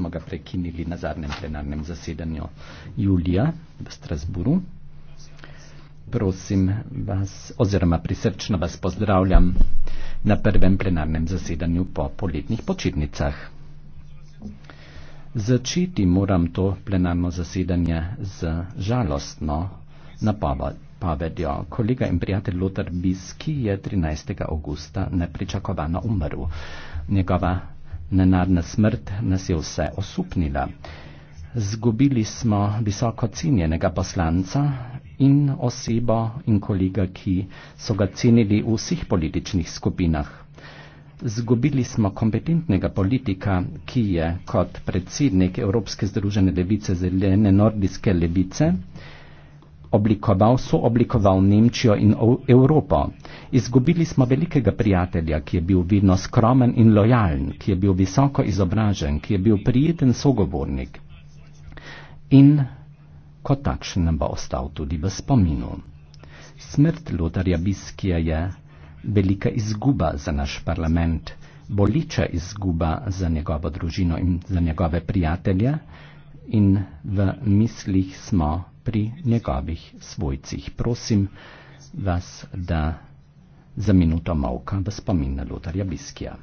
smo ga prekinili na zadnjem plenarnem zasedanju julija v Strasburu. Prosim vas, oziroma prisrčno vas pozdravljam na prvem plenarnem zasedanju po poletnih počitnicah. Začeti moram to plenarno zasedanje z žalostno napovedjo. Kolega in prijatelj Lothar Biski je 13. augusta nepričakovano umrl. Njegova Nenadna smrt nas je vse osupnila. Zgubili smo visoko cenjenega poslanca in osebo in kolega, ki so ga cenili v vseh političnih skupinah. Zgubili smo kompetentnega politika, ki je kot predsednik Evropske združene levice zelene nordijske levice oblikoval, sooblikoval Nemčijo in Evropo. Izgubili smo velikega prijatelja, ki je bil vedno skromen in lojalen, ki je bil visoko izobražen, ki je bil prijeten sogovornik. In kot takšen bo ostal tudi v spominu. Smrt Lotarja Biskija je velika izguba za naš parlament, boliča izguba za njegovo družino in za njegove prijatelje in v mislih smo pri njegovih svojcih. Prosim vas, da za minuto molka v spomin na Lutarja Biskija.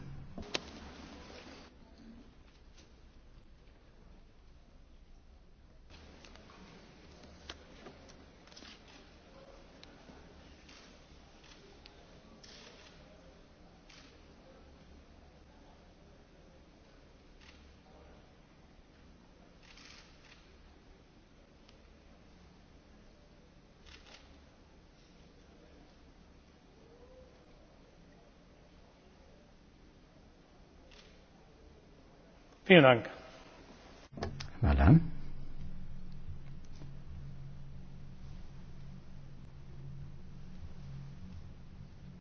vielen dank!